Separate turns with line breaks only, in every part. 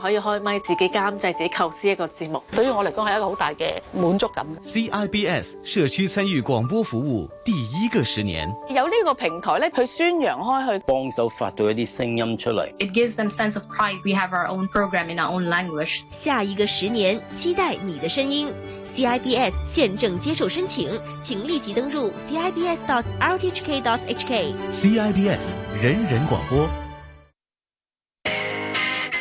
可以開咪，自己監製，自己構思一個節目，對於我嚟講係一個好大嘅
滿足感。CIBS 社區參與廣播服務第一個十年，
有呢個平台咧，去宣揚開去，去
幫手發到一啲聲音出嚟。
It gives them sense of pride. We have our own program in our own language. 下一個十年，期待你的聲音。CIBS 現正接受申請，請立即登入 cibs.rthk.hk。
CIBS 人人廣播。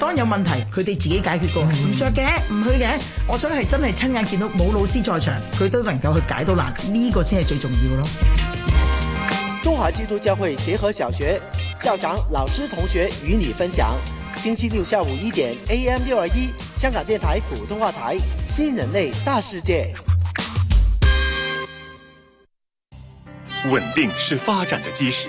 當有問題，佢哋自己解決過，唔著嘅，唔去嘅。我想係真係親眼見到冇老師在場，佢都能夠去解到難，呢個先係最重要咯。
中華基督教會協和小學，校長、老師、同學與你分享，星期六下午一點 AM 六二一，香港電台普通話台《新人類大世界》。
穩定是發展的基石。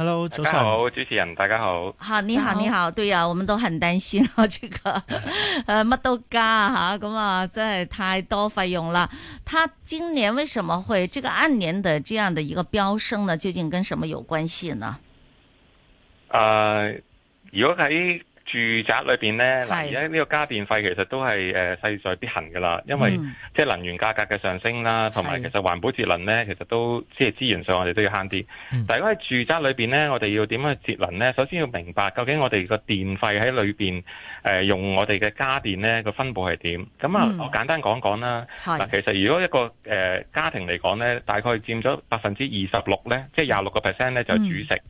hello，早上好，
主持人大家好。好，
你好，你好，對啊，我們都很擔心啊，這個誒乜、 呃、都加吓、啊，咁啊真係太多費用啦。它今年為什麼會這個按年的這樣的一個飆升呢？究竟跟什麼有關係呢？誒、
呃，如果喺住宅裏邊咧，嗱而家呢個家電費其實都係誒勢在必行嘅啦，因為、嗯、即係能源價格嘅上升啦，同埋其實環保節能咧，其實都即係資源上我哋都要慳啲。嗯、但係如果喺住宅裏邊咧，我哋要點樣去節能咧？首先要明白究竟我哋個電費喺裏邊誒用我哋嘅家電咧個分布係點。咁啊、嗯，那我簡單講講啦。嗱是，其實如果一個誒、呃、家庭嚟講咧，大概佔咗百分之二十六咧，即係廿六個 percent 咧，就煮、是、食。嗯。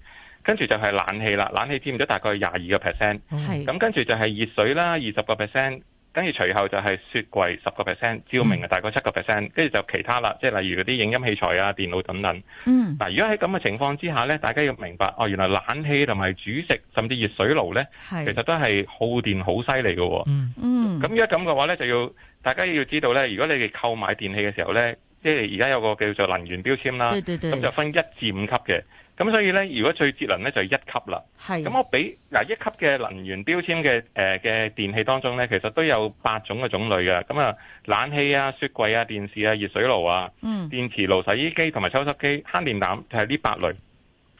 跟住就係冷氣啦，冷氣佔咗大概廿二個 percent，咁跟住就係熱水啦，二十個 percent，跟住隨後就係雪櫃十個 percent，照明啊大概七個 percent，跟住就其他啦，即係例如嗰啲影音器材啊、電腦等等。嗯，嗱、啊，如果喺咁嘅情況之下呢，大家要明白哦，原來冷氣同埋煮食甚至熱水爐呢，是其實都係耗電好犀利嘅。嗯嗯，咁如果咁嘅話呢，就要大家要知道呢，如果你哋購買電器嘅時候呢，即係而家有個叫做能源標籤啦，咁就分一至五級嘅。咁所以咧，如果最節能咧就係一級啦。係。咁我俾嗱一級嘅能源標籤嘅誒嘅電器當中咧，其實都有八種嘅種類嘅。咁啊，冷氣啊、雪櫃啊、電視啊、熱水爐啊、嗯、電磁爐、洗衣機同埋抽濕機，慳電膽就係呢八類。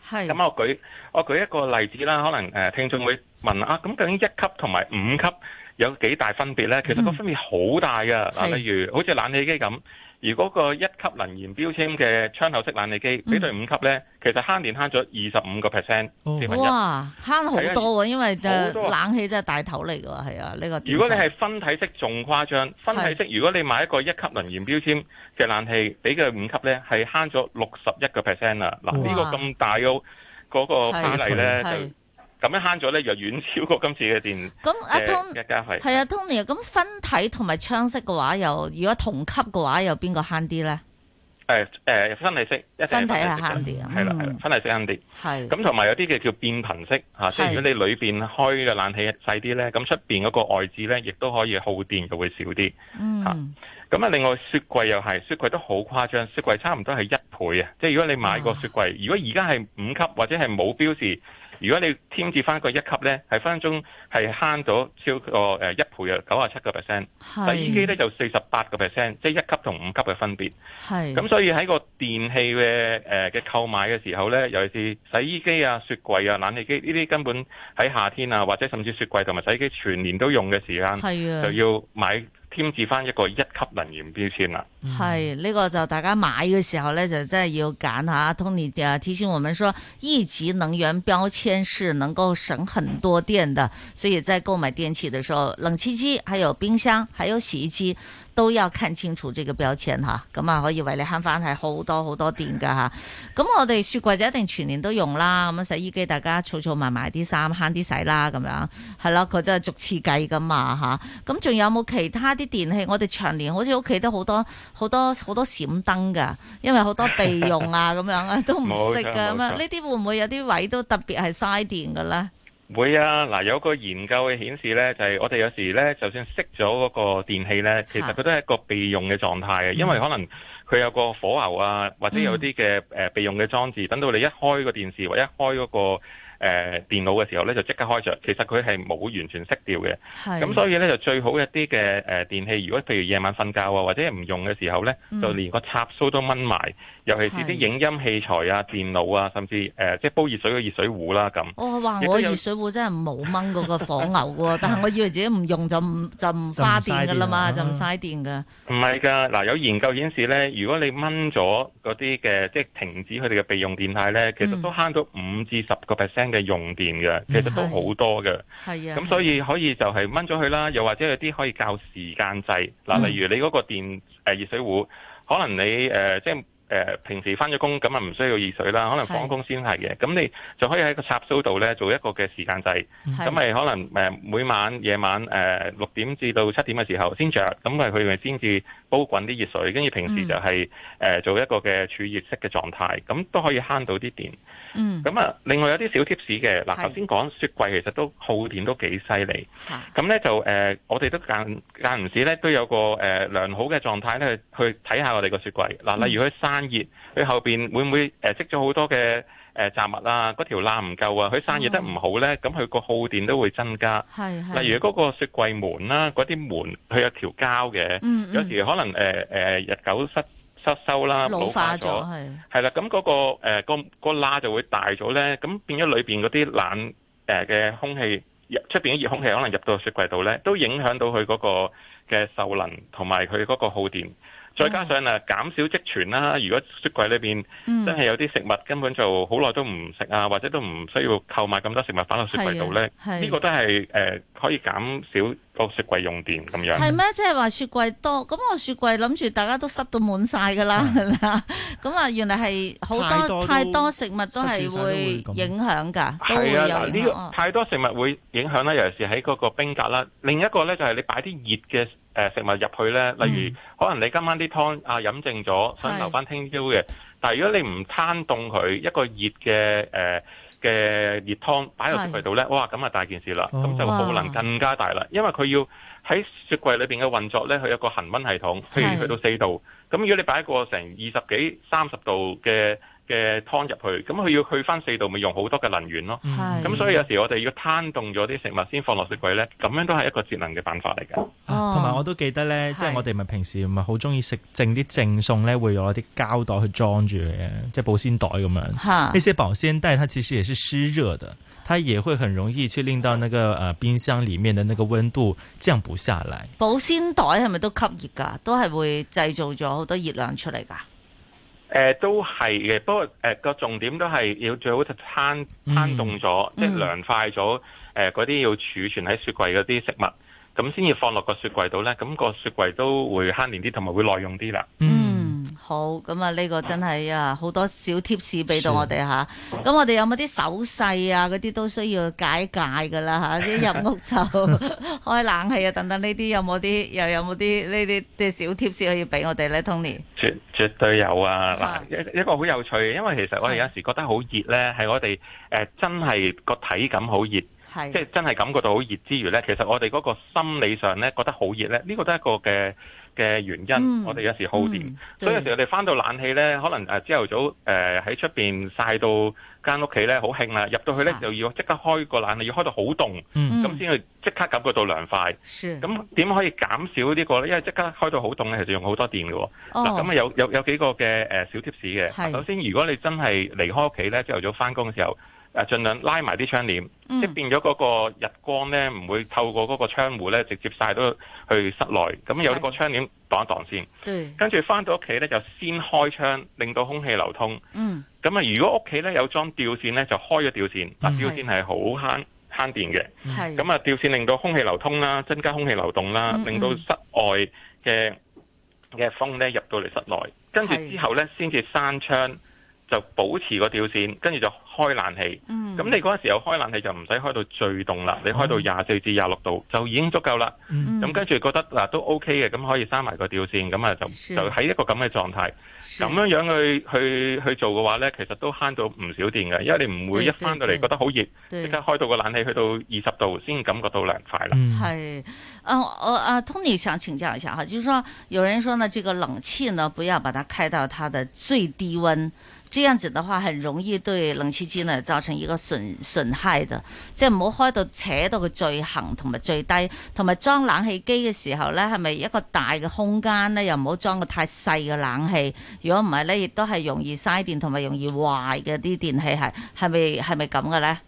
係。咁我舉我舉一個例子啦，可能誒聽眾會問啊，咁究竟一級同埋五級有幾大分別咧？其實個分別好大嘅。嗯。例如，好似冷氣機咁。如果一個一級能源標籤嘅窗口式冷氣機、嗯、比對五級呢，其實慳電慳咗二十五個 percent，四分一。
慳好、哦、多喎、啊，啊、因為誒冷氣真係大頭嚟㗎喎，係多啊，呢、這個。如果你係
分體式仲誇張，分體式如果你買一個一級能源標籤嘅冷氣，是比對五級呢，係慳咗六十一個 percent 啦。嗱，呢個咁大嘅個比例呢。咁樣慳咗咧，又遠超過今次嘅電的。咁阿通，一家係，係啊
通，咁分體同埋窗式嘅話，又如果同級嘅話有，又邊個慳啲咧？誒、啊、分，
分，分體式的、嗯，分體係慳啲，係啦係啦，分體式慳啲。
係。咁
同埋有啲嘅叫變頻式的，即係如果你裏面開嘅冷氣細啲咧，咁出的面嗰個外置咧，亦都可以耗電就會少啲。嗯。咁啊，另外雪櫃又係雪櫃都好誇張，雪櫃差唔多係一倍啊！即係如果你買個雪櫃，啊、如果而家係五級或者係冇標示。如果你添置翻個一級咧，係分鐘係慳咗超過誒一倍啊九啊七個 percent，洗衣機咧就四十八個 percent，即係一級同五級嘅分別。係咁，所以喺個電器嘅誒嘅購買嘅時候咧，尤其是洗衣機啊、雪櫃啊、冷氣機呢啲根本喺夏天啊，或者甚至雪櫃同埋洗衣機全年都用嘅時間，就要買。添置翻一個一級能源標籤啦，
係呢個就大家買嘅時候咧，就真係要揀下 Tony 提醒我們說，一級能源標籤是能夠省很多電的，所以在購買電器的時候，冷氣機、還有冰箱、還有洗衣機。都要看清楚呢個標籤吓，咁啊可以為你慳翻係好多好多電噶吓，咁、啊啊、我哋雪櫃就一定全年都用啦。咁樣，洗衣機大家儲儲埋埋啲衫慳啲洗啦，咁樣係咯，佢都係逐次計噶嘛吓。咁、啊、仲、啊啊啊、有冇其他啲電器？我哋長年好似屋企都好多好多好多閃燈噶，因為好多備用啊咁 樣啊都唔識噶咁樣。呢啲 錯會唔會有啲位都特別係嘥電噶咧？
會啊，嗱，有個研究嘅顯示呢，就係、是、我哋有時呢，就算熄咗嗰個電器呢，其實佢都係一個備用嘅狀態嘅，因為可能佢有個火牛啊，或者有啲嘅誒備用嘅裝置，嗯、等到你一開個電視或一開嗰、那個，誒、呃、電腦嘅時候咧，就即刻開着。其實佢係冇完全熄掉嘅。係、咁所以咧，就最好一啲嘅誒電器，如果譬如夜晚瞓覺啊，或者唔用嘅時候咧，嗯、就連個插蘇都掹埋。嗯、尤其是啲影音器材啊、電腦啊，甚至誒、呃、即係煲熱水嘅熱水壺啦咁。
哦、我話我熱水壺真係冇掹過嗰個火牛喎， 但係我以為自己唔用就唔就唔花電㗎啦嘛，就唔嘥電㗎、啊。
唔係㗎，嗱有研究顯示咧，如果你掹咗嗰啲嘅即係停止佢哋嘅備用電態咧，其實都慳到五至十個 percent。嘅用電嘅，其實都好多嘅，咁、啊啊嗯、所以可以就係掹咗佢啦，又或者有啲可以較時間制嗱，例如你嗰個電誒、呃、熱水壺，可能你誒、呃、即係誒、呃、平時返咗工咁啊，唔需要熱水啦，可能放工先係嘅，咁是你就可以喺個插蘇度咧做一個嘅時間制，咁咪、啊、可能誒每晚夜晚誒六、呃、點至到七點嘅時候先着。咁咪佢咪先至煲滾啲熱水，跟住平時就係、是、誒、嗯呃、做一個嘅儲熱式嘅狀態，咁都可以慳到啲電。嗯，咁啊，另外有啲小貼士嘅，嗱，頭先講雪櫃其實都耗電都幾犀利，咁咧就誒，我哋都間間唔時咧都有個誒良好嘅狀態咧去去睇下我哋個雪櫃，嗱，例如佢散熱，佢後邊會唔會誒積咗好多嘅誒雜物啊，嗰條罅唔夠啊，佢散熱得唔好咧，咁佢個耗電都會增加，例如嗰個雪櫃門啦，嗰啲門佢有條膠嘅，有時可能誒誒日久失失修啦，化老化咗，係啦，咁嗰、嗰個誒、呃嗰個個罅就會大咗咧，咁變咗裏邊嗰啲冷誒嘅空氣入出邊嘅熱空氣可能入到雪櫃度咧，都影響到佢嗰個嘅壽能同埋佢嗰個耗電。再加上啊，減少積存啦。如果雪櫃裏邊真係有啲食物根本就好耐都唔食啊，或者都唔需要購買咁多食物擺落雪櫃度咧，呢個都係誒可以減少個雪櫃用電咁樣。係
咩？即係話雪櫃多咁？我雪櫃諗住大家都塞到滿晒㗎啦，係咪啊？咁啊，原來係好多太多食物都係會影響㗎。係啊，呢個
太多食物會影響啦，尤其是喺嗰個冰格啦。另一個咧就係你擺啲熱嘅。誒、呃、食物入去咧，例如可能你今晚啲湯啊飲剩咗，想留翻聽朝嘅。是但係如果你唔攤凍佢，一個熱嘅誒嘅熱湯擺落雪櫃度咧，是哇！咁啊大件事啦，咁哇就可能更加大啦。因為佢要喺雪櫃裏面嘅運作咧，佢有個恒温系統，譬如去到四度。咁是如果你擺個成二十幾、三十度嘅，嘅湯入去，咁佢要去翻四度，咪用好多嘅能源咯。係是，咁、嗯、所以有時我哋要攤凍咗啲食物先放落雪櫃咧，咁樣都係一個節能嘅辦法嚟嘅。
同埋、哦啊、我都記得咧，即係是我哋咪平時咪好鍾意食剩啲剩餸咧，會用一啲膠袋去裝住嘅，即係保鮮袋咁樣。呢是些保鮮袋，它其實也是濕熱的，它也會很容易去令到那個呃冰箱裡面的那個温度降不下來。
保鮮袋係咪都吸熱㗎？都係會製造咗好多熱量出嚟㗎？
誒、呃、都係嘅，不過誒個、呃、重點都係要最好就攤攤凍咗，嗯、即係涼快咗。誒嗰啲要儲存喺雪櫃嗰啲食物，咁先要放落個雪櫃度咧，咁、那個雪櫃都會慳電啲，同埋會耐用啲啦。嗯。
好咁了啊！呢個真係啊，好多小貼士俾到我哋嚇。咁我哋有冇啲手勢啊？嗰啲都需要解解噶啦嚇。啲、啊、入屋就 開冷氣啊，等等呢啲有冇啲又有冇啲呢啲啲小貼士可以俾我哋咧，Tony？
絕絕對有啊！一嗎一個好有趣嘅，因為其實我哋有時覺得好熱咧，係我哋誒、呃、真係個體感好熱，即係是真係感覺到好熱之餘咧，其實我哋嗰個心理上咧覺得好熱咧，呢、呢個都係一個嘅嘅原因，嗯、我哋有時耗電，嗯、所以有時我哋翻到冷氣呢，可能誒朝頭早誒喺出邊曬到間屋企呢，好興啦，入到去呢，啊、就要即刻開個冷氣，要開到好凍，咁先去即刻感覺到涼快。咁點是可以減少呢個呢？因為即刻開到好凍呢，其實用好多電嘅喎、哦。嗱、哦，咁啊有有有幾個嘅、呃、小貼士嘅。首先是，啊、如果你真係離開屋企呢，朝頭早翻工嘅時候。啊、盡量拉埋啲窗簾，嗯、即係變咗嗰個日光咧，唔會透過嗰個窗戶咧，直接曬到去室內。咁是有啲個窗簾擋一擋先，對跟住翻到屋企咧，就先開窗，令到空氣流通。咁啊、嗯，如果屋企咧有裝吊扇咧，就開咗吊扇。嗱、嗯，但吊扇係好慳慳電嘅。咁啊是，嗯、吊扇令到空氣流通啦，增加空氣流動啦，令到室外嘅嘅風咧入到嚟室內。跟住之後咧，先至是閂窗。就保持個吊扇，跟住就開冷氣。咁你嗰陣時候開冷氣就唔使開到最凍啦，你開到廿四至廿六度就已經足夠啦。咁跟住覺得嗱都 OK 嘅，咁可以閂埋個吊扇，咁啊就就喺一個咁嘅狀態咁樣樣去去去做嘅話呢，其實都慳到唔少電嘅，因為你唔會一翻到嚟覺得好熱，即刻開到個冷氣去到二十度先感覺到涼快啦。嗯。係。
啊我啊 Tony 想請教一下哈，就是說有人說呢，這個冷氣呢，不要把它開到它的最低温。這樣子的話，很容易對冷氣機呢造成一個損損害的，即係唔好開到扯到個最恒同埋最低，同埋裝冷氣機嘅時候呢，係咪一個大嘅空間呢？又唔好裝個太細嘅冷氣，如果唔係呢，亦都係容易嘥電同埋容易壞嘅啲電器，係，係係咪係咪咁嘅呢？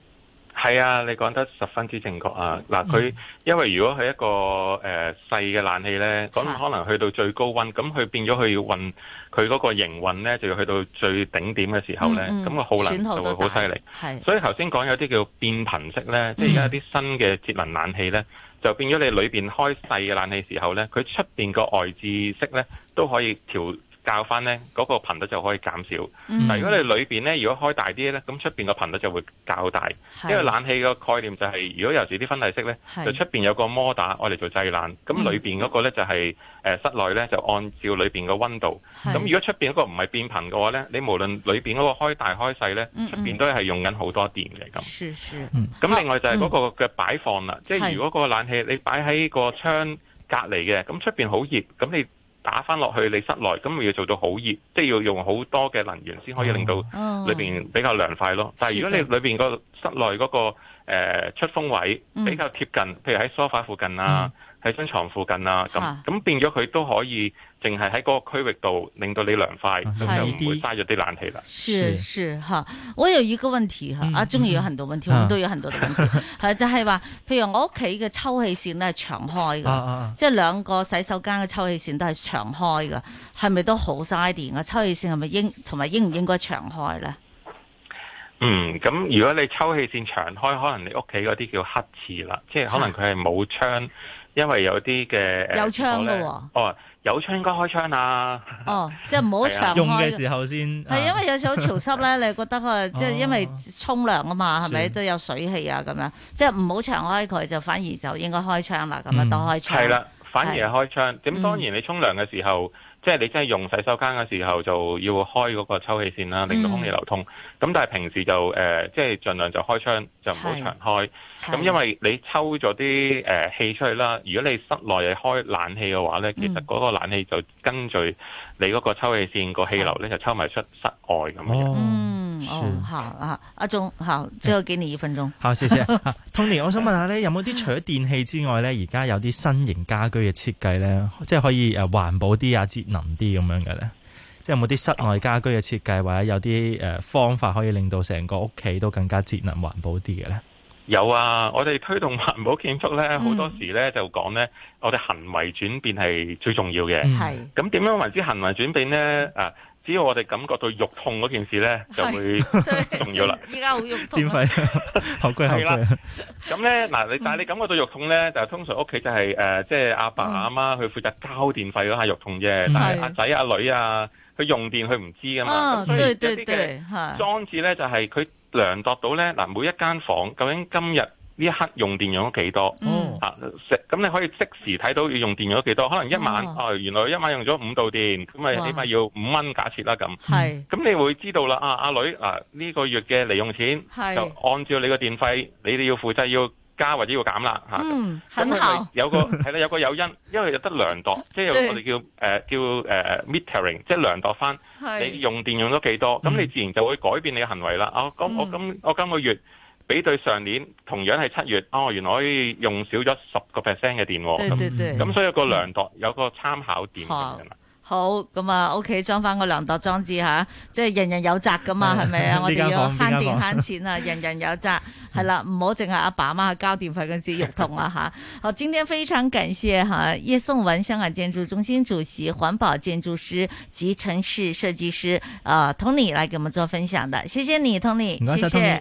係啊，你講得十分之正確啊！嗱，佢因為如果係一個誒細嘅冷氣呢，咁可能去到最高温，咁佢的變咗佢要運佢嗰個營運呢，就要去到最頂點嘅時候呢，咁、嗯嗯、個耗能就會好犀利。所以頭先講有啲叫變頻式呢，的即係而家啲新嘅節能冷氣呢，就變咗你裏邊開細嘅冷氣時候呢，佢出邊個外置式呢都可以調。教翻咧，嗰、那個頻率就可以減少。嗯、但如果你裏面咧，如果開大啲咧，咁出面個頻率就會較大。是因為冷氣嘅概念就係、是，如果有時啲分體式咧，是就出面有個摩打，我嚟做製冷。咁裏面嗰個咧、嗯、就係室內咧，就按照裏面嘅溫度。咁是如果出面嗰個唔係變頻嘅話咧，你無論裏面嗰個開大開細咧，出、嗯、面都係用緊好多電嘅咁。是是。咁另外就係嗰個嘅擺放啦，嗯、即係如果個冷氣你擺喺個窗隔離嘅，咁出面好熱，咁你。打翻落去你室內，咁咪要做到好熱，即係要用好多嘅能源先可以令到裏邊比較涼快咯。但係如果你裏邊、個室內，嗰個誒出風位比較貼近，譬、嗯、如喺梳化附近啊。嗯喺張床附近啦、啊，咁咁變咗佢都可以，淨係喺嗰個區域度令到你涼快，咁是就唔會嘥咗啲冷氣啦。是
是嚇、啊，我有一個問題嚇，啊，中意有好多問題，我都有好多問題，係就係、是、話，譬如我屋企嘅抽氣扇咧係長開㗎，啊啊、即係兩個洗手間嘅抽氣扇都係長開㗎，係咪都好嘥電呀？抽氣扇係咪應同埋應唔應該長開咧、
嗯？嗯，咁、嗯、如果你抽氣扇長開，可能你屋企嗰啲叫黑廁啦，即係可能佢係冇窗。啊啊因為有啲嘅有窗噶喎，哦，有窗應該開窗啦。
哦，即係唔好長用嘅時候先。係因為有時候潮濕咧，你覺得佢即係因為沖涼啊嘛，係咪都有水氣啊咁樣？即係唔好長開佢，就反而就應該開窗啦。咁樣多開窗。係啦，
反而係開窗。咁當然你沖涼嘅時候。即係你真係用洗手間嘅時候，就要開嗰個抽氣扇啦，令到空氣流通。咁、嗯、但係平時就、呃、即係儘量就開窗，就唔好長開。咁是 因為你抽咗啲誒氣出去啦。如果你室內係開冷氣嘅話呢，嗯、其實嗰個冷氣就跟住你嗰個抽氣扇個氣流呢，就抽埋出室外咁樣。哦哦。哦，
好啊，阿忠好，最後畀你一分鐘鐘。好，謝謝好 Tony。我想
問下咧，有冇啲除咗電器之外咧，而家有啲新型家居嘅設計咧，即係可以誒環保啲啊，節能啲咁樣嘅咧？即係有冇啲室外家居嘅設計，或者有啲誒方法可以令到成個屋企都更加節能環保啲嘅咧？
有啊，我哋推動環保建築咧，好多時咧就講咧，我哋行為轉變係最重要嘅。係咁點樣為之行為轉變咧？啊！只要我哋感覺到肉痛嗰件事咧，就會重要啦。依
家好肉痛啊！電費頭盔啊！咁咧
嗱，你但係你感覺到肉痛咧，就通常屋企就係誒，即係阿爸阿媽去負責交電費嗰下肉痛啫。但係阿仔阿女啊，佢用電佢唔知噶嘛。所以一啲嘅裝置咧，就係佢量度到咧嗱，每一間房究竟今日，呢一刻用電用咗幾多？咁你可以即時睇到要用電用咗幾多？可能一晚，哦，原來一晚用咗五度電，咁咪起碼要五蚊，假設啦咁。係，咁你會知道啦。啊，阿女，啊呢個月嘅利用錢，就按照你個電費，你哋要負責要加或者要減啦。嚇，
咁佢哋
有個係啦，有個有因，因為有得量度，即係我哋叫叫誒 metering，即係量度翻你用電用咗幾多，咁你自然就會改變你嘅行為啦。哦，咁我今我今個月。比對上年同樣係七月，哦，原來可以用少咗十個 percent 嘅電。對。咁所以個量度有個參考點。
好，咁啊 OK 裝翻個量度裝置嚇，即係人人有責㗎嘛，係咪啊？我哋要慳電慳錢啊，人人有責。係啦，唔好淨係阿爸媽交電費跟住肉痛啦嚇。好，今天非常感謝吓葉頌文香港建築中心主席、環保建築師及城市設計師，呃 Tony 嚟給我們做分享的，謝謝你 Tony，唔該 Tony。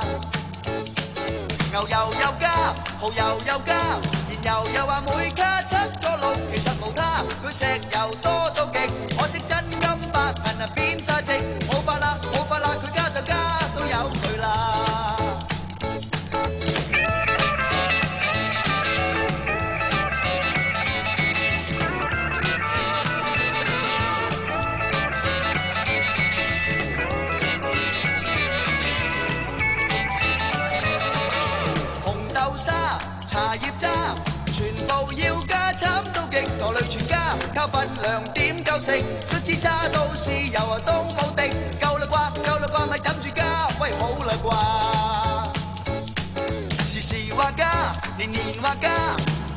牛油又加，蠔油又加，燃油又話、啊、每加七個六，其實無他，佢石油多到極，可惜真金白銀啊變晒值，冇法啦，冇法啦，佢加就加。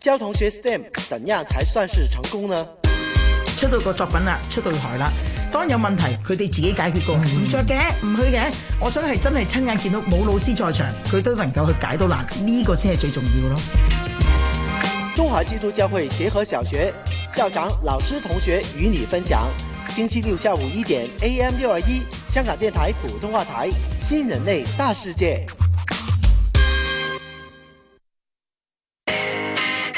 教同學 STEM 怎樣才算是成功呢？出到個作品啦，出到台啦。當有問題，佢哋自己解決過，唔、嗯、着嘅，唔去嘅。我想係真係親眼見到冇老師在場，佢都能夠去解到難，呢、這個先係最重要咯。中華基督教會協和小學校長老師同學與你分享：星期六下午一點，AM 六二一，香港電台普通話台，《新人類大世界》。